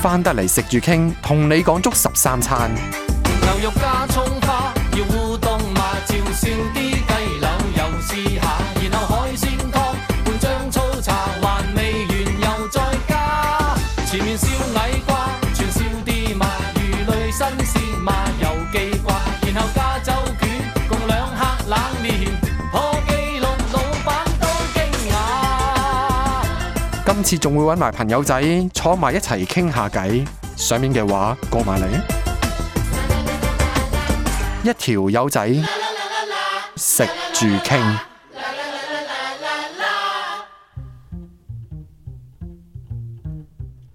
翻得嚟食住傾，同你講足十三餐。牛肉加葱花，要烏冬嘛，就算啲雞柳又試下。今次仲會揾埋朋友仔坐埋一齊傾下偈，上面嘅話過埋嚟， 一條友仔食住傾。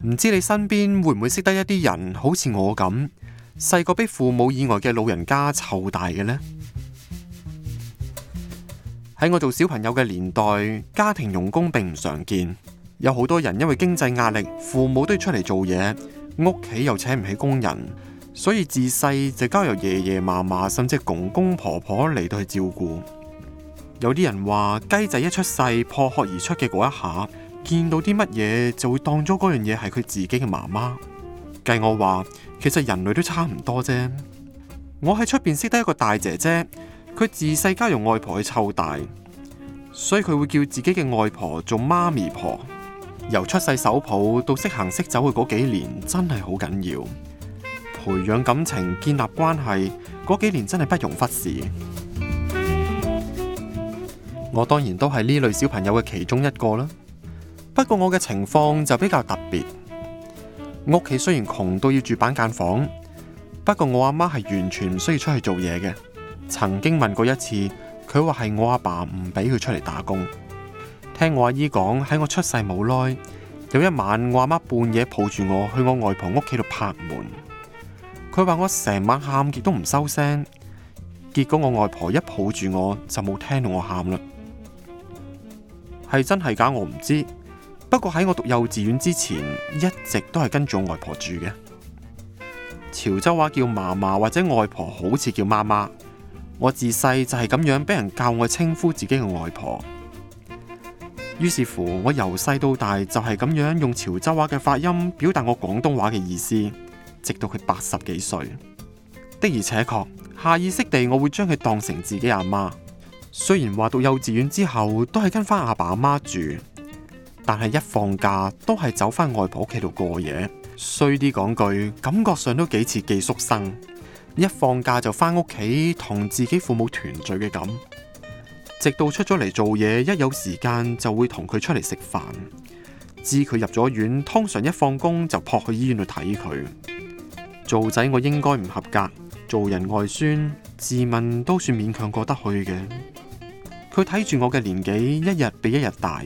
唔知你身邊會唔會識得一啲人，好似我咁，細個俾父母以外嘅老人家湊大嘅呢？喺我做小朋友嘅年代，家庭傭工並唔常見。有好多人因為經濟壓力，父母都要出嚟做嘢，屋企又請唔起工人，所以自細就交由爺爺嫲嫲，甚至公公婆婆嚟到去照顧。有啲人話雞仔一出世破殼而出嘅嗰一下，見到啲乜嘢就會當咗嗰樣嘢係佢自己嘅媽媽。計我話其實人類都差唔多啫。我喺出邊識得一個大姐姐，佢自細交由外婆去湊大，所以佢會叫自己嘅外婆做媽咪婆。由出世手抱到識行識走嘅嗰幾年，真係好緊要，培養感情、建立關係嗰幾年真係不容忽視。我當然都係呢類小朋友嘅其中一個啦，不過我嘅情況就比較特別。屋企雖然窮到要住板間房，不過我阿媽係完全唔需要出去做嘢嘅。曾經問過一次，佢話係我阿爸唔俾佢出嚟打工。聽我阿姨講，喺我出世冇耐，有一晚我阿媽半夜抱住我去我外婆屋企度拍門，佢話我成晚喊，極都唔收聲，結果我外婆一抱住我就冇聽到我喊啦。係真係假的我唔知，不過喺我讀幼稚園之前，一直都係跟住我外婆住嘅。潮州話叫嫲嫲或者外婆，好似叫媽媽。我自細就係咁樣俾人教我稱呼自己嘅外婆。於是乎，我由細到大就係咁樣用潮州話嘅發音表達我廣東話嘅意思，直到佢八十幾歲。的而且確，下意識地我會將佢當成自己阿媽。雖然話讀幼稚園之後都係跟翻阿爸阿媽住，但係一放假都係走返外婆屋企度過夜。衰啲講句，感覺上都幾似寄宿生，一放假就返屋企同自己父母團聚嘅咁。直到出咗嚟做嘢，一有時間就會同佢出嚟食飯。知佢入咗院，通常一放工就撲去醫院度睇佢。做仔我應該唔合格，做人外孫自問都算勉強過得去嘅。佢睇住我嘅年紀，一日比一日大，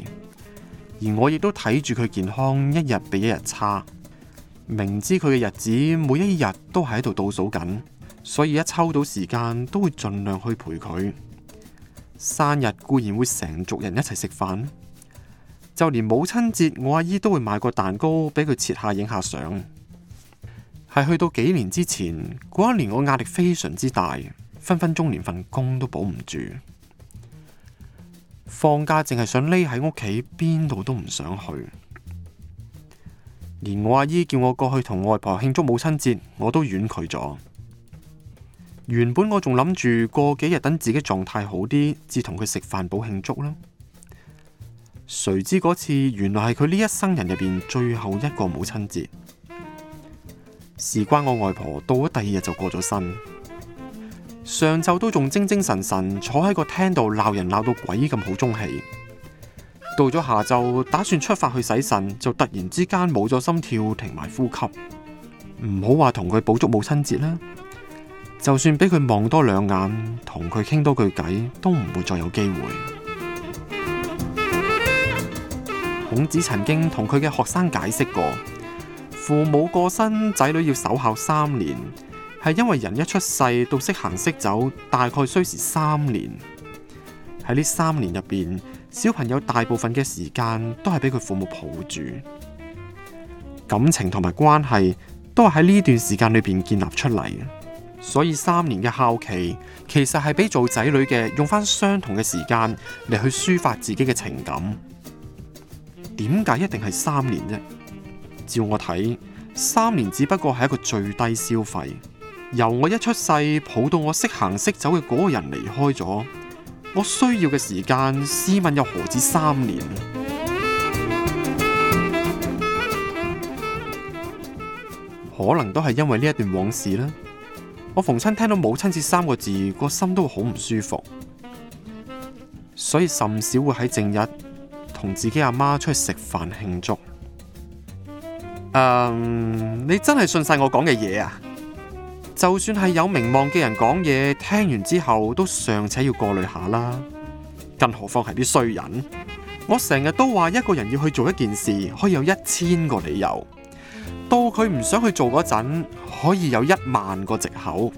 而我亦都睇住佢健康，一日比一日差。明知佢嘅日子每一日都喺度倒數緊，所以一抽到時間都會盡量去陪佢。生日固然會成族人一齊食飯，就連母親節，我阿姨都會買個蛋糕俾佢切下影下相。係去到幾年之前，嗰一年我壓力非常之大，分分鐘連份工都保唔住。放假淨係想匿喺屋企，邊度都唔想去。連我阿姨叫我過去同外婆慶祝母親節，我都婉拒咗。原本我仲諗住過幾日等自己狀態好啲，至同佢食飯補慶祝啦。誰知嗰次原來係佢呢一生人入邊最後一個母親節，事關我外婆到咗第二日就過咗身。上晝都仲精精神神神坐喺個廳度鬧人鬧到鬼咁好中氣，到咗下晝打算出發去洗腎，就突然之間冇咗心跳停埋呼吸，唔好話同佢補足母親節啦。就算俾佢望多兩眼，同佢傾多句偈，都唔會再有機會。孔子曾經同佢嘅學生解釋過，父母過身，仔女要守孝三年，係因為人一出世到識行識走，大概需時三年。喺呢三年入邊，小朋友大部分嘅時間都係俾佢父母抱住，感情同埋關係都係喺呢段時間裏邊建立出嚟嘅。所以三年嘅孝期，其實係俾做仔女嘅用翻相同嘅時間嚟去抒發自己嘅情感。點解一定係三年啫？照我睇，三年只不過係一個最低消費。由我一出世，抱到我識行識走嘅嗰個人離開咗，我需要嘅時間，試問又何止三年？可能都係因為呢一段往事啦。我逢親聽到母親節三個字，個心都好唔舒服，所以甚少會喺正日同自己阿媽出去食飯慶祝。嗯，um，你真係信晒我講嘅嘢啊？就算係有名望嘅人講嘢，聽完之後都尚且要過濾下啦，更何況係啲衰人。我成日都話，一個人要去做一件事，可以有一千個理由。到佢唔想去做嗰陣，可以有一萬個藉口。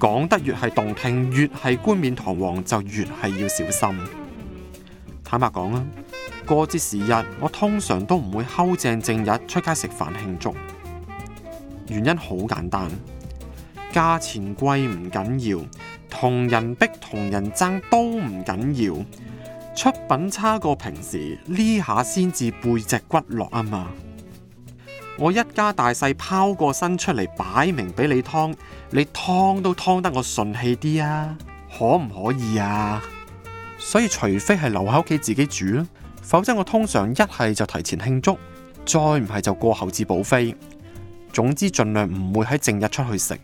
講得越係動聽，越係冠冕堂皇，就越係要小心。坦白講啊，過節時日，我通常都唔會睺正正日出街食飯慶祝。原因好簡單，價錢貴唔緊要，同人逼同人爭都唔緊要，出品差過平時呢下先至背脊骨落啊嘛。我一家大細拋個身出嚟，擺明俾你劏，你劏都劏得我順氣啲啊，可唔可以啊？所以除非係留喺屋企自己煮，否則我通常一係就提前慶祝，再唔係就過後至補費。總之盡量唔會喺正日出去食。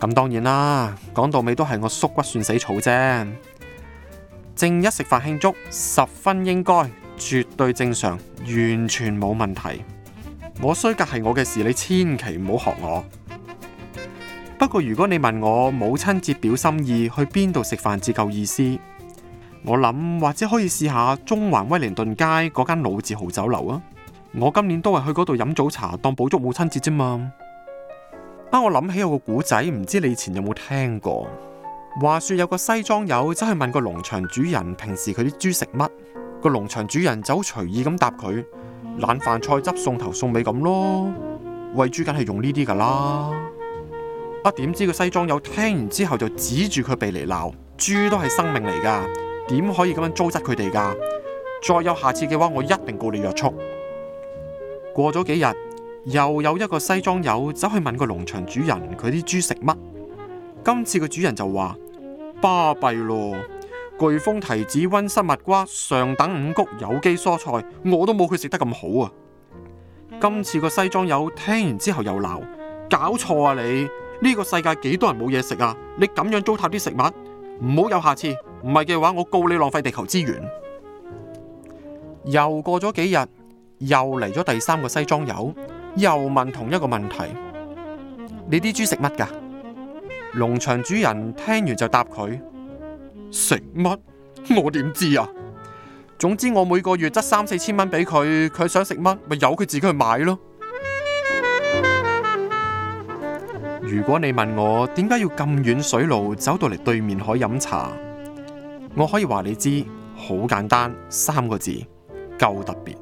咁當然啦，講到尾都係我縮骨算死草啫。正一食飯慶祝，十分應該，絕對正常，完全冇問題。我衰格係我嘅事，你千祈唔好學我。不過如果你問我母親節表心意，去邊度食飯至夠意思，我諗或者可以試下中環威靈頓街嗰間老字號酒樓啊。我今年都係去嗰度飲早茶當補祝母親節啫嘛。啊，我諗起有個古仔，唔知你以前有冇聽過？話說有個西裝友走去問個農場主人，平時佢啲豬食乜？個農場主人就好隨意咁答佢。冷飯菜汁送頭送尾咁咯，餵豬梗係用呢啲噶啦。啊，點知個西裝友聽完之後就指住佢鼻嚟鬧，豬都係生命嚟噶，點可以咁樣糟質佢哋噶？再有下次嘅話，我一定告你虐畜。過咗幾日，又有一個西裝友走去問個農場主人佢啲豬食乜，今次個主人就話：巴閉咯。巨峰提子、溫室蜜瓜、上等五穀有機蔬菜，我都冇佢食得咁好啊！今次個西裝友聽完之後又鬧，搞錯啊你！呢個世界幾多人冇嘢食啊？你咁樣糟蹋啲食物，唔好有下次，唔係嘅話我告你浪費地球資源。又過咗幾日，又嚟咗第三個西裝友，又問同一個問題：你啲豬食乜噶？農場主人聽完就答佢。食乜？我點知啊？總之我每個月則三四千蚊俾佢，佢想食乜咪由佢自己去買咯。如果你問我點解要咁遠水路走到嚟對面海飲茶，我可以話你知，好簡單，三個字，夠特別。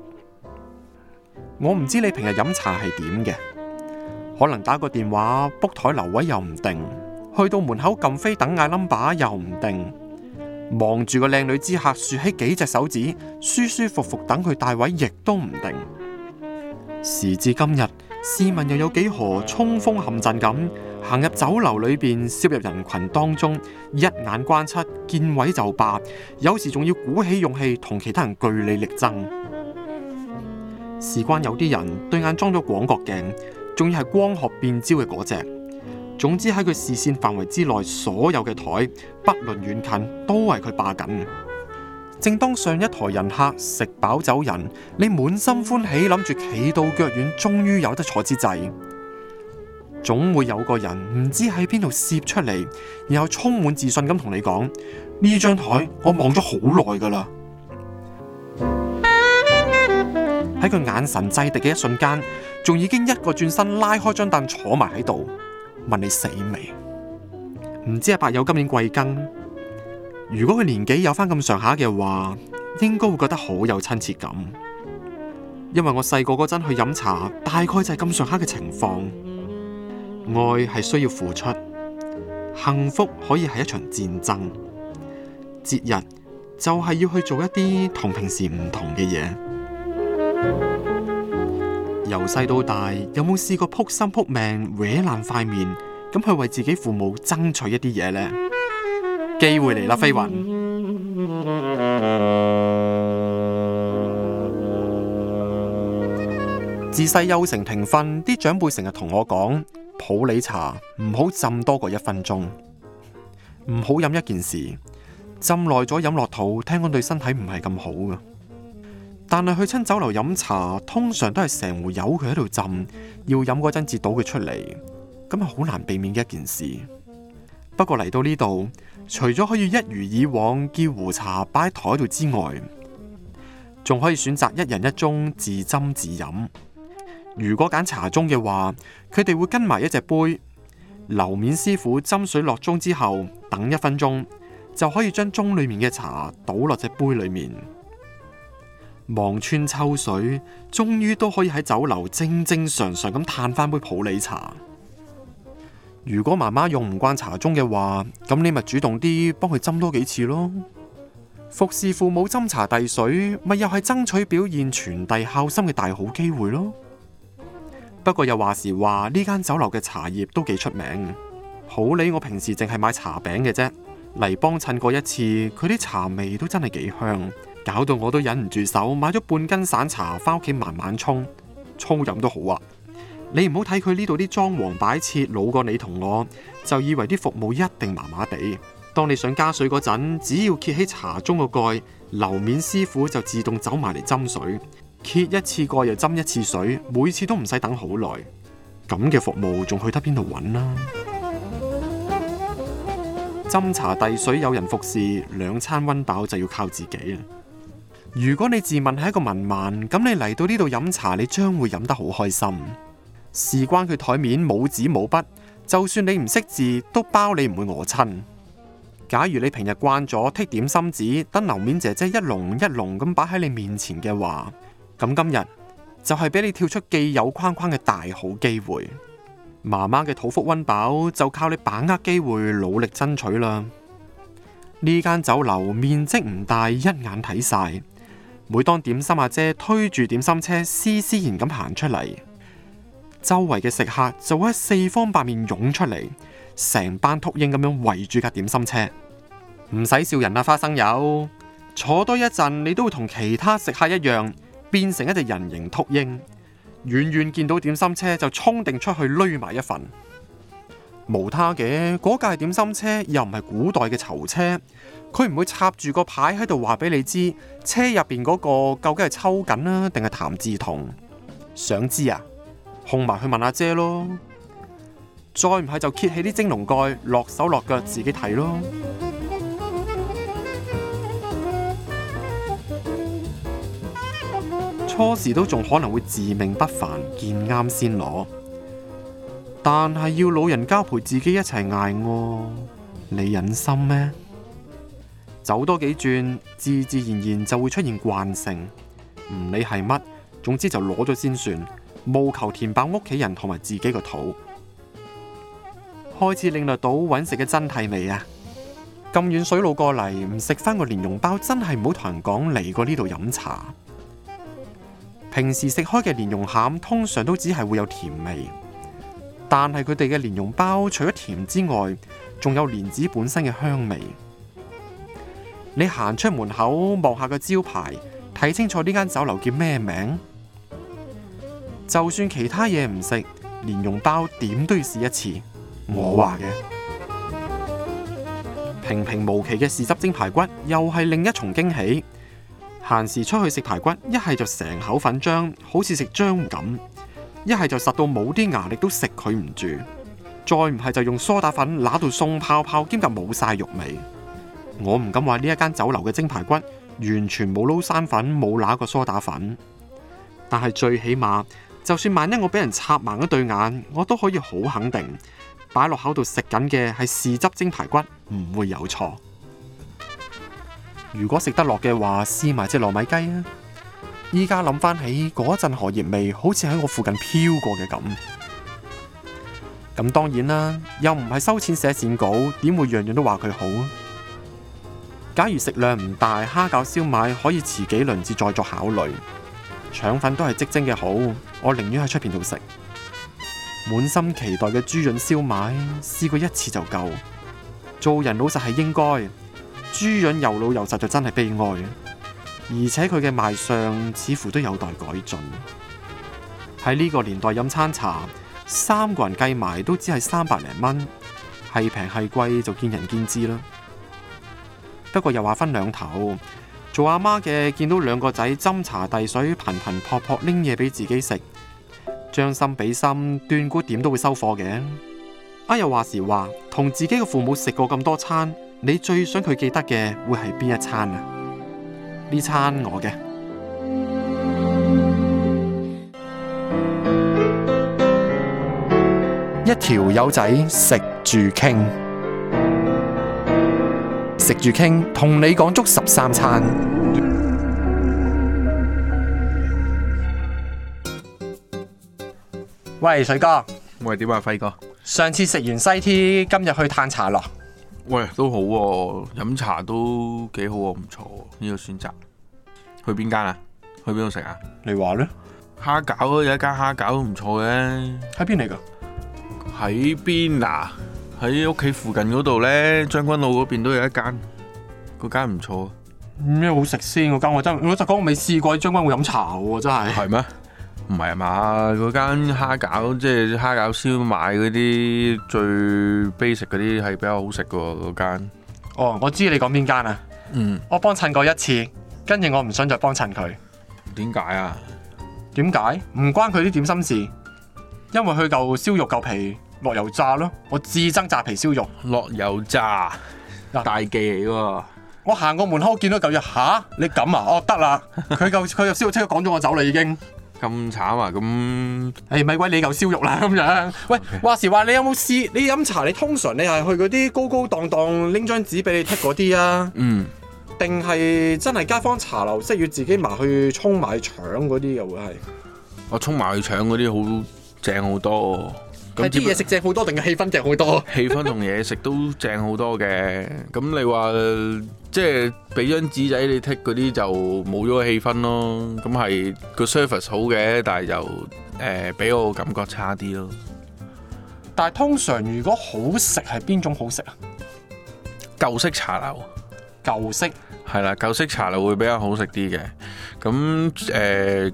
我唔知你平日飲茶係點嘅，可能打個電話 book 台留位又唔定，去到門口撳飛等嗌 number 又唔定。望住個靚女知客，豎起幾隻手指，舒舒服服等佢帶位，亦都唔定。時至今日，市民又有幾何衝鋒陷陣咁行入酒樓裏邊，攝入人群當中，一眼關七，見位就霸，有時仲要鼓起勇氣同其他人據理力爭。事關有啲人對眼裝咗廣角鏡，仲要係光學變焦嘅嗰隻。總之喺佢視線範圍之內，所有嘅台，不論遠近，都係佢霸緊。正當上一台人客食飽走人，你滿心歡喜諗住企到腳軟，終於有得坐之際，總會有個人唔知喺邊度攝出嚟，然後充滿自信咁同你講：呢張台我望咗好耐噶啦。喺佢眼神滯敵嘅一瞬間，仲已經一個轉身拉開張凳坐埋喺度。問你死未？唔知阿伯有今年貴庚？如果佢年紀有翻咁上下嘅話，應該會覺得好有親切感。因為我細個嗰陣去飲茶，大概就係咁上下嘅情況。愛係需要付出，幸福可以係一場戰爭。節日就係要去做一啲同平時唔同嘅嘢。由細到大，有冇試過撲心撲命搲爛塊面，咁去為自己父母爭取一啲嘢呢？機會嚟啦，飛雲！ 自細幼成停瞓，啲長輩成日同我講，普洱茶唔好浸多過一分鐘，唔好飲一件事，浸耐咗飲落肚，聽講對身體唔係咁好噶。但係去親酒樓飲茶，通常都係成壺油佢喺度浸，要飲嗰陣至倒佢出嚟，咁係好難避免嘅一件事。不過嚟到呢度，除咗可以一如以往叫壺茶擺喺台度之外，仲可以選擇一人一盅自斟自飲。如果揀茶盅嘅話，佢哋會跟埋一隻杯，樓面師傅斟水落盅之後，等一分鐘就可以將盅裏面嘅茶倒落隻杯裏面。望穿秋水，終於都可以喺酒樓正正常常咁嘆翻杯普洱茶。如果媽媽用唔慣茶盅嘅話，咁你咪主動啲幫佢斟多幾次咯。服侍父母斟茶遞水，咪又係爭取表現傳遞孝心嘅大好機會咯。不過又話時話，呢間酒樓嘅茶葉都幾出名。普洱我平時淨係買茶餅嘅啫，嚟幫襯過一次，佢啲茶味都真係幾香。搞到我都忍唔住手買咗半斤散茶，返屋企慢慢沖粗飲都好啊。你唔好睇佢呢度啲裝潢擺設老過你同我，就以為啲服務一定麻麻地。當你想加水嗰陣，只要揭起茶盅個蓋，樓面師傅就自動走埋嚟斟水，揭一次蓋又斟一次水，每次都唔使等好耐。咁嘅服務仲去得邊度揾？啦？斟茶遞水有人服侍，兩餐溫飽就要靠自己啦。如果你自問係一個文盲，咁你嚟到呢度飲茶，你將會飲得好開心。事關佢台面冇紙冇筆，就算你唔識字，都包你唔會餓親。假如你平日慣咗剔點心紙，等樓面姐姐一籠一籠咁擺喺你面前嘅話，咁今日就係、是、俾你跳出既有框框嘅大好機會。媽媽嘅肚腹溫飽就靠你把握機會，努力爭取啦。呢間酒樓面積唔大，一眼睇晒。每當點心阿、啊、姐推住點心車，斯斯然咁行出嚟，周圍嘅食客就會喺四方八面湧出嚟，成班禿鷹咁樣圍住架點心車。唔使笑人啦，花生友，坐多一陣，你都會同其他食客一樣，變成一隻人形禿鷹。遠遠見到點心車就沖定出去，攞埋一份。無他嘅，嗰架係點心車，又唔係古代嘅囚車。佢唔會插住個牌喺度話俾你知，車入邊嗰個究竟係抽緊啊，定係譚志同？想知啊，控埋去問阿姐咯。再唔係就揭起啲蒸籠蓋，落手落腳自己睇咯。初時都仲可能會自命不凡，見啱先攞，但係要老人家陪自己一齊捱餓，你忍心咩？走多幾轉，自自然然就會出現慣性。唔理係乜，總之就攞咗先算，務求填飽屋企人同埋自己個肚。開始領略到揾食嘅真諦未啊？咁遠水路過嚟，唔食返個蓮蓉包真係唔好同人講嚟過呢度飲茶。平時食開嘅蓮蓉餡通常都只係會有甜味，但係佢哋嘅蓮蓉包除咗甜之外，仲有蓮子本身嘅香味。你行出門口望下個招牌，睇清楚呢間酒樓叫咩名。就算其他嘢唔食，蓮蓉包點都要試一次。我話嘅、哦、平平無奇嘅豉汁蒸排骨，又係另一重驚喜。閒時出去食排骨，一係就成口粉漿，好似食漿咁；一係就實到冇啲牙力都食佢唔住。再唔係就用梳打粉揦到送泡泡，兼及冇晒肉味。我唔敢話呢一間酒樓嘅蒸排骨完全冇撈生粉，冇嗱過梳打粉。但係最起碼，就算萬一我俾人插盲一對眼，我都可以好肯定擺落口度食緊嘅係豉汁蒸排骨，唔會有錯。如果食得落嘅話，試埋隻糯米雞啊！依家諗翻起嗰一陣荷葉味，好似喺我附近飄過嘅咁。咁當然啦，又唔係收錢寫鱔稿，點會樣樣都話佢好啊？假如食量唔大，蝦餃燒賣可以遲幾輪至再作考慮。腸粉都係即蒸嘅好，我寧願喺出邊度食。滿心期待嘅豬潤燒賣，試過一次就夠。做人老實係應該，豬潤又老又實就真係悲哀。而且佢嘅賣相似乎都有待改進。喺呢個年代飲餐茶，三個人計埋都只係三百零蚊，係平係貴就見仁見智啦。不過又話分兩頭，做阿媽嘅見到兩個仔斟茶遞水，頻頻撲撲拎嘢俾自己食，將心比心，斷估點都會收貨嘅。啊、哎，又話時話，同自己嘅父母食過咁多餐，你最想佢記得嘅會係邊一餐啊？呢餐我嘅一條友仔食住傾。食住傾，同你講足十三餐。喂，水哥。喂，點啊，輝哥？上次食完西 T，天，今日去嘆茶咯。喂，都好喎，啊，飲茶都幾好喎，啊，唔錯，啊。呢、這個選擇。去邊間啊？去邊度食啊？你話呢？蝦餃有一間蝦餃都唔錯嘅。喺邊嚟㗎？喺邊啊？喺屋企附近嗰度咧，將軍澳嗰邊都有一間，嗰間唔錯。咩、嗯、好食先、啊？嗰間我真老實講，我未試過將軍澳飲茶喎、啊，真係。係咩、哦？唔係啊嘛，嗰間蝦餃即係蝦餃燒賣嗰啲最 basic 嗰啲係比較好食噶嗰間。間哦，我知你講邊間啦。嗯，我幫襯過一次，跟住我唔想再幫襯佢。點解啊？點解？唔關佢啲點心事，因為佢嚿燒肉夠皮。落油炸咯！我至憎炸皮燒肉，落油炸大忌嚟喎！我行過門口，我見到嚿肉，吓你咁啊！哦，得啦，佢嚿佢嚿燒肉，即刻趕咗我走啦，已經咁慘啊！咁，哎咪鬼你嚿燒肉啦咁樣。 喂，Okay 話時話你有冇試？你飲茶，你通常你係去嗰啲高高檔檔拎張紙俾你剔嗰啲啊？嗯，定係真係街坊茶樓，即係要自己埋去衝埋去搶嗰啲又會係？我衝埋去搶嗰啲好正好多。Britney aslında 係啲嘢食正好多，定個氣氛正好多？氣氛同嘢食都正好多嘅。咁你話即係俾張紙仔你剔嗰啲就冇咗個氣氛咯。咁係個 service 好嘅，但係就誒俾我感覺差啲咯。但係通常如果好食係邊種好食啊？舊式茶樓，舊式？係啦，舊式茶樓會比較好食啲嘅。咁誒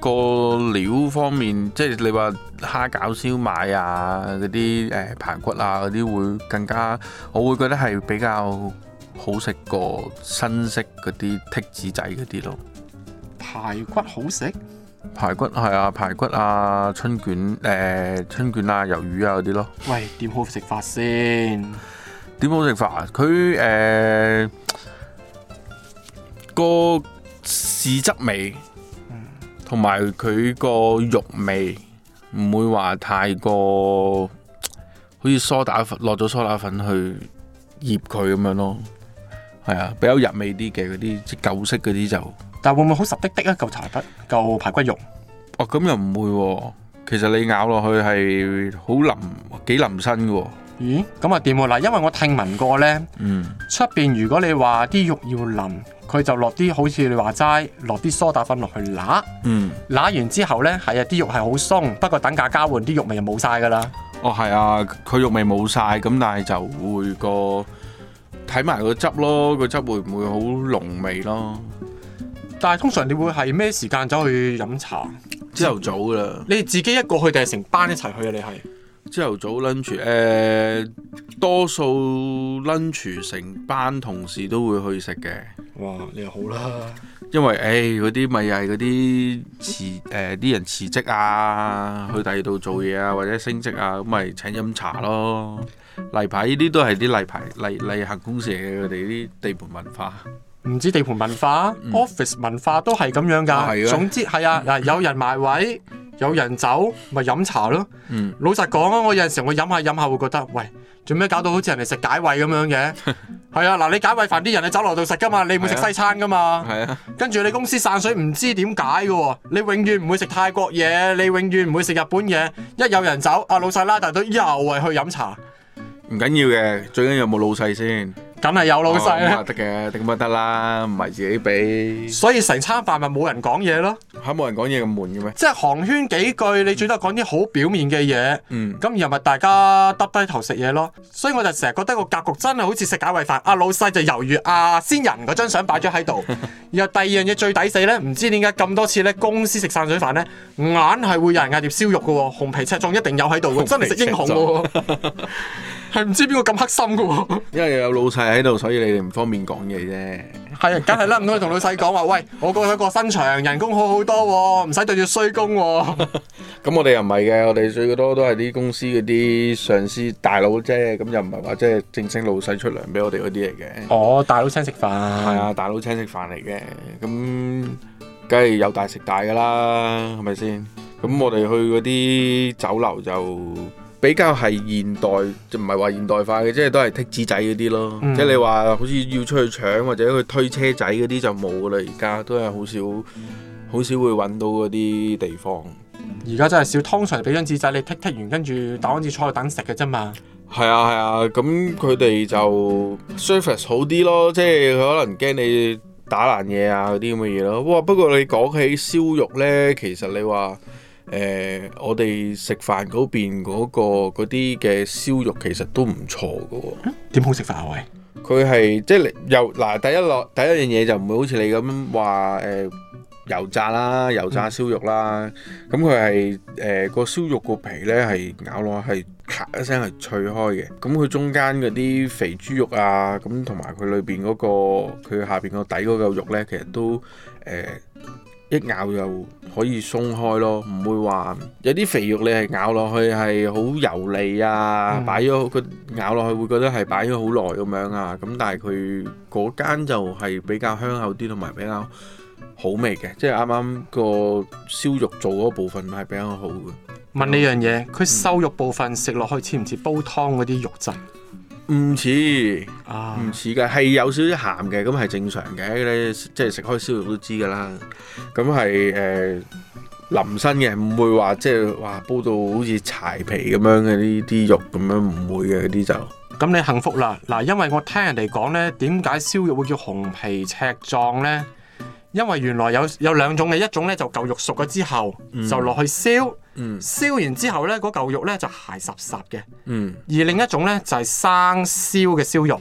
個料方面，即係你話。蝦餃、燒賣啊，嗰啲誒排骨啊，嗰啲會更加，我會覺得係比較好食過新式嗰啲剔子仔嗰啲咯。排骨好食？排骨，係啊，排骨啊，春卷誒、呃、春卷啊，魷魚啊嗰啲咯。喂，點好食法先？點好食法啊？佢誒、呃、個豉汁味，同埋佢個肉味。唔會話太過好似梳打粉落咗梳打粉去醃佢咁樣咯，係啊，比較入味啲嘅嗰啲，即舊式嗰啲就。但會唔會好實滴滴啊？嚿柴骨嚿排骨肉哦，咁又唔會。其實你咬落去係好腍幾腍身㗎。咦？咁啊點喎嗱？因為我聽聞過咧，出邊如果你話啲肉要腍。佢就落啲好似你話齋，落啲梳打粉落去攣，攣、嗯、完之後咧，係啊啲肉係好鬆，不過等價交換啲肉，哦啊、肉味就冇晒噶啦。哦，係啊，佢肉味冇晒，咁但係就會個睇埋個汁咯，個汁會唔會好濃味咯？但係通常你會係咩時間走去，去飲茶？朝頭早噶啦。你自己一個去定係成班一齊去啊？嗯、你係？朝頭早 lunch 誒，呃，多數 lunch 成班同事都會去食嘅。哇，你又好啦，啊，因為誒嗰啲咪又係嗰啲辭誒啲人辭職啊，去第二度做嘢啊，或者升職啊，咁咪請飲茶咯。例牌呢啲都係啲例牌例例行公社嘅。佢哋啲地盤文化。唔知地盤文化，嗯、office 文化都係咁樣㗎。啊，總之係啊，嗱、嗯、有人埋位。 有人走，咪飲茶咯。嗯、老實講啊，我有陣時我飲下飲下會覺得，喂，做咩搞到好似人哋食解胃咁樣嘅？係 啊，嗱，你解胃飯啲人，你走嚟度食噶嘛，你唔會食西餐噶嘛。係啊，啊跟住你公司散水唔知點解嘅喎，你永遠唔會食泰國嘢，你永遠唔會食日本嘢，一有人走，阿老細拉大隊又係去飲茶。唔緊要嘅，最緊有冇老細先。梗係有老細啊，得嘅、哦，點乜得啦？唔係自己俾，所以成餐飯咪冇人講嘢咯。係冇人講嘢咁悶嘅咩？即係寒暄幾句，你最多講啲好表面嘅嘢。嗯，咁而又咪大家耷低頭食嘢咯。所以我就成日覺得個格局真係好似食解穢飯。阿、啊、老細就猶豫啊，先人嗰張相擺咗喺度。 然後第二樣嘢最抵死咧，唔知點解咁多次咧，公司食散水飯咧，硬係會有人嗌碟燒肉嘅，紅皮赤壯一定有喺度嘅，真係食英雄嘅。 係唔知邊個咁黑心嘅喎？因為有老細喺度，所以你哋唔方便講嘢啫。係，梗係啦，唔通你同老細講話。喂，我個有個新場，人工好好多，唔使對住衰工喎。咁我哋又唔係嘅，我哋最多都係啲公司嗰啲上司大佬啫。咁又唔係話即係正式老細出糧俾我哋嗰啲嚟嘅。哦，大佬請食飯。係啊，大佬請食飯嚟嘅。咁梗係有大食大噶啦，係咪先？咁我哋去嗰啲酒樓就，比較係現代，就唔係話現代化嘅，即係都係剔紙仔嗰啲咯。即係你話好似要出去搶或者去推車仔嗰啲就冇啦。而家都係好少，好、嗯、少會揾到嗰啲地方。而家真係少，通常俾張紙仔你剔，剔完，跟住打完字坐喺度等食嘅啫嘛。係啊係啊，咁佢哋就 service 好啲咯，即係佢可能驚你打爛嘢啊嗰啲咁嘅嘢咯。哇！不過你講起燒肉咧，其實你話～誒、呃，我哋食飯嗰邊嗰、嗰個嗰啲嘅燒肉其實都唔錯㗎喎。點、嗯、好食飯啊？喂，佢係即係油嗱，第一落第一樣嘢就唔會好似你咁話誒油炸啦、油炸燒肉啦。咁佢係誒個燒肉個皮呢，係咬落係咔一聲係脆開嘅。咁、嗯、佢中間嗰啲肥豬肉啊，咁同埋佢裏邊嗰個佢下邊個底嗰嚿肉呢，其實都誒。呃一咬就可以鬆開咯，唔會話有啲肥肉你係咬落去係好油膩啊，擺咗佢咬落去會覺得係擺咗好耐咁樣啊，咁但係佢嗰間就係比較香口啲，同埋比較好味嘅，即係啱啱個燒肉做嗰部分係比較好嘅。問你樣嘢，嗯、佢瘦肉部分食落去似唔似煲湯嗰啲肉質？唔似，唔似嘅，係有少少鹹嘅，咁係正常嘅咧，即係食開燒肉都知噶啦。咁係誒、淋、呃、身嘅，唔會話即係話煲到好似柴皮咁樣嘅呢啲肉咁樣，唔會嘅嗰啲就。咁你幸福啦，嗱，因為我聽人哋講咧，點解燒肉會叫紅皮赤壯咧？因為原來有有兩種嘅，一種咧就舊肉熟咗之後，就落去燒。嗯嗯，燒完之後呢，嗰嚿肉呢就鞋實實嘅。嗯，而另一種呢，就係、是、生燒嘅燒肉。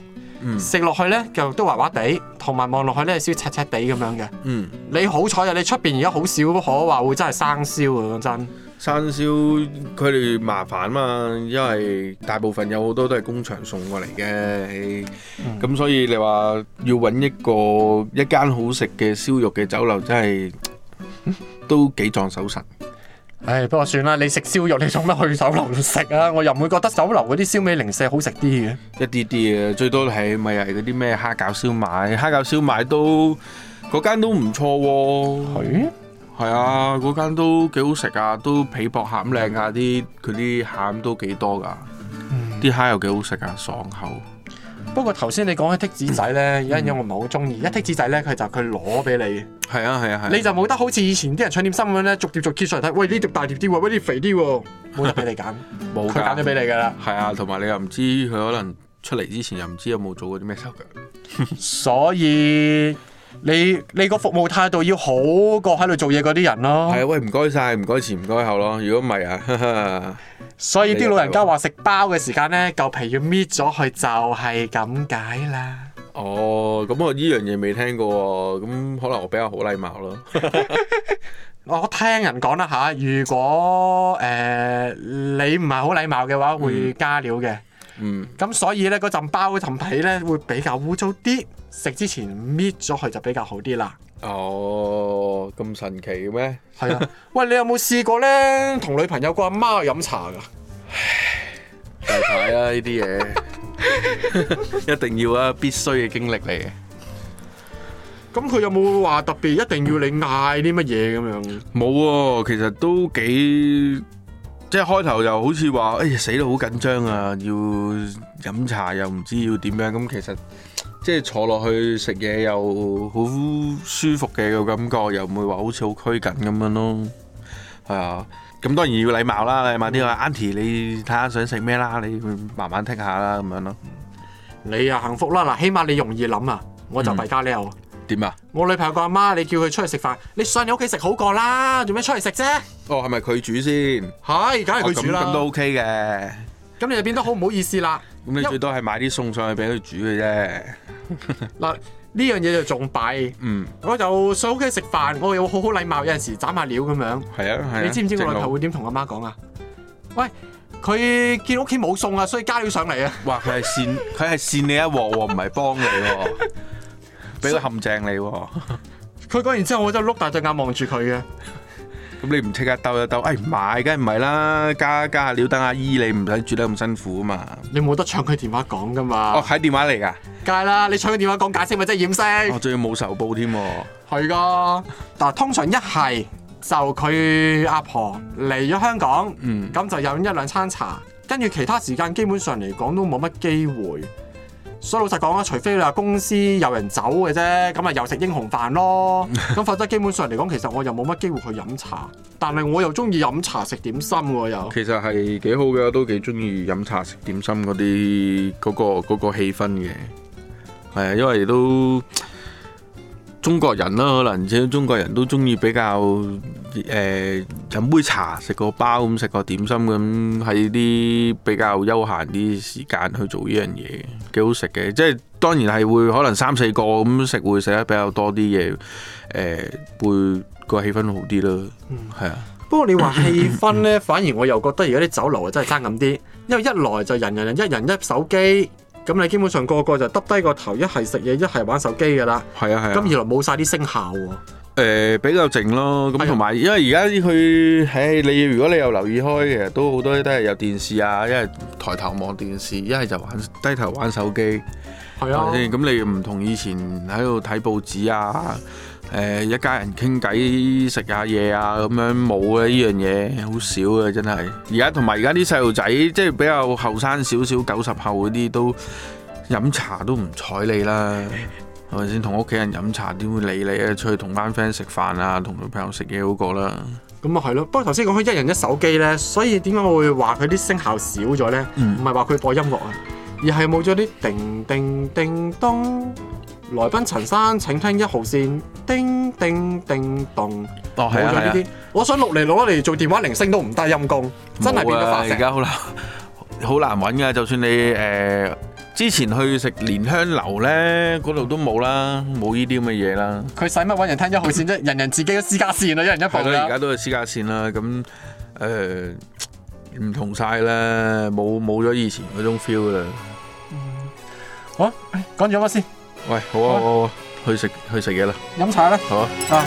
食落、嗯、去呢，肉都滑滑地，同埋望落去呢，燒赤赤地咁樣嘅。嗯，你好彩啊！你出邊而家好少可話會真係生燒啊。講真。生燒佢哋麻煩啊嘛，因為大部分有好多都係工場送過嚟嘅，咁、嗯、所以你話要揾一個一間好食嘅燒肉嘅酒樓，真係、嗯、都幾撞手神。唉，不過算啦，你食燒肉你做乜去酒樓食啊？我又唔會覺得酒樓嗰啲燒味零食好食啲嘅。一啲啲嘅，最多係咪係嗰啲咩蝦餃燒賣？蝦餃燒賣都嗰間都唔錯喎。係，係啊，嗰間係、啊、都幾好食啊，都皮薄餡靚啊，啲佢啲餡都幾多㗎，啲、嗯、蝦又幾好食啊，爽口。不過頭先你講起剔紙仔咧，有樣嘢我唔係好中意。一、嗯、剔紙仔咧，佢就佢攞俾你。係啊係啊係。啊你就冇得好似以前啲人搶點心咁樣咧，逐碟逐切上嚟睇。喂，呢碟大碟啲喎，喂呢碟肥啲喎，冇得俾你揀，冇㗎 的，佢揀咗俾你㗎啦。係啊，同埋你又唔知佢可能出嚟之前又唔知有冇做過啲咩手腳， 所以你你個服務態度要好過喺度做嘢嗰啲人咯。係啊，喂，唔該晒，唔該前，唔該後咯。如果唔係啊， 所以啲老人家話食包嘅時間呢，舊皮要搣咗佢就係咁解啦。哦，咁我呢樣嘢未聽過，咁可能我比較好禮貌咯。 我聽人講啦吓，如果誒、呃、你唔係好禮貌嘅話，會加料嘅，嗯。嗯，咁所以呢，嗰陣包嗰層皮呢，會比較污糟啲，食之前搣咗佢就比較好啲啦。哦，咁神奇嘅咩？係啊，喂，你有冇試過咧？同女朋友個阿媽去飲茶噶？唉啊，呢啲嘢一定要啊，必須嘅經歷嚟嘅。咁佢有冇話特別一定要你嗌啲乜嘢咁樣？冇，其實都幾即係開頭又好似話，哎呀死啦，好緊張啊，要飲茶又唔知要點樣，咁其實。即係坐落去食嘢，又好舒服嘅個感覺，又唔會話好似好拘謹咁樣咯。係啊，咁當然要禮貌啦。阿媽啲話，阿、嗯、aunty 你睇下想食咩啦，你慢慢聽下啦咁樣咯。你又幸福啦，嗱，起碼你容易諗啊。我就弊家呢又點啊？嗯、我女朋友個阿媽，你叫佢出去食飯，你上你屋企食好過啦，做咩出嚟食啫？哦，係咪佢煮先？係，梗係佢煮啦。咁、哦、都 OK 嘅。咁你就變得好唔好意思啦。 咁你最多係買啲餸上去俾佢煮嘅啫。 嗱，呢樣嘢就仲弊。嗯，我就上屋企食飯，我又好好禮貌，有陣時斬下料咁樣。係啊，啊你知唔知個女朋友會點同阿媽講啊？喂，佢見屋企冇餸啊，所以加料上嚟啊。哇，佢係扇佢係扇你一鑊，唔係幫你，俾佢 陷阱你。佢講以 完之後，我就碌大隻眼望住佢嘅。咁你唔即刻兜一兜，哎唔買梗唔係啦？加加下料，等阿姨你唔使住得咁辛苦啊嘛！你冇得搶佢電話講噶嘛？哦，喺電話嚟噶，梗係啦！你搶佢電話講解釋咪即係掩飾。我仲要冇仇報添喎，係噶 的。但係通常一係就佢阿婆嚟咗香港，嗯，咁就飲一兩餐茶，跟住其他時間基本上嚟講都冇乜機會。所以老實講啦，除非你話公司有人走嘅啫，咁啊又食英雄飯咯。咁 否則基本上嚟講，其實我又冇乜機會去飲茶，但係我又中意飲茶食點心喎又。其實係幾好嘅，都幾中意飲茶食點心嗰啲嗰個嗰、嗰個嗰個、氣氛嘅。係啊，因為都。中國人啦，可能而且中國人都鍾意比較誒飲杯茶、食個包咁、食個點心咁，喺啲比較休閒啲時間去做呢樣嘢，幾好食嘅。即係當然係會可能三四個咁食，會食得比較多啲嘢，誒會個氣氛好啲咯。嗯，係啊。不過你話氣氛呢，反而我又覺得而家啲酒樓啊，真係爭咁啲，因為一來就人人人一人一手機。咁你基本上個個就耷低個頭，一係食嘢，一係玩手機㗎喇。係啊係啊。咁而來冇晒啲聲效喎、哦呃。比較靜咯。咁同埋，因為而家佢，誒、哎，你如果你又留意開嘅，都好多都係有電視啊，一係抬頭望電視，一係就玩低頭玩手機。係啊。咁、呃、你唔同以前喺度睇報紙啊。誒，一家人傾偈、食下嘢啊，咁樣冇嘅，呢樣嘢好少嘅，真係。而家同埋而家啲細路仔，即係比較後生少少，九十後嗰啲都飲茶都唔睬你啦，係咪先？同屋企人飲茶點會理你啊？出去同班 friend 食飯啊，同女朋友食嘢好過啦。咁啊，係咯，不過頭先講開一人一手機咧，所以點解會話佢啲聲效少咗咧？唔係話佢播音樂啊，而係冇咗啲叮叮叮噹。來賓陳生，請聽一號線，叮叮叮咚。冇咗呢啲，我想錄嚟錄嚟做電話鈴聲都唔得，陰功，真係變咗法式。而家好難，好難揾噶。就算你誒，之前去食蓮香樓咧，嗰度都冇啦，冇呢啲咁嘅嘢啦。佢使乜揾人聽一號線啫？人人自己都私家線啦，一人一部啦。而家都係私家線啦。咁誒，唔同晒啦，冇冇咗以前嗰種 feel 啦。好，講咗乜先。喂，好啊好啊，去食去食嘢啦，飲茶啦，好啊。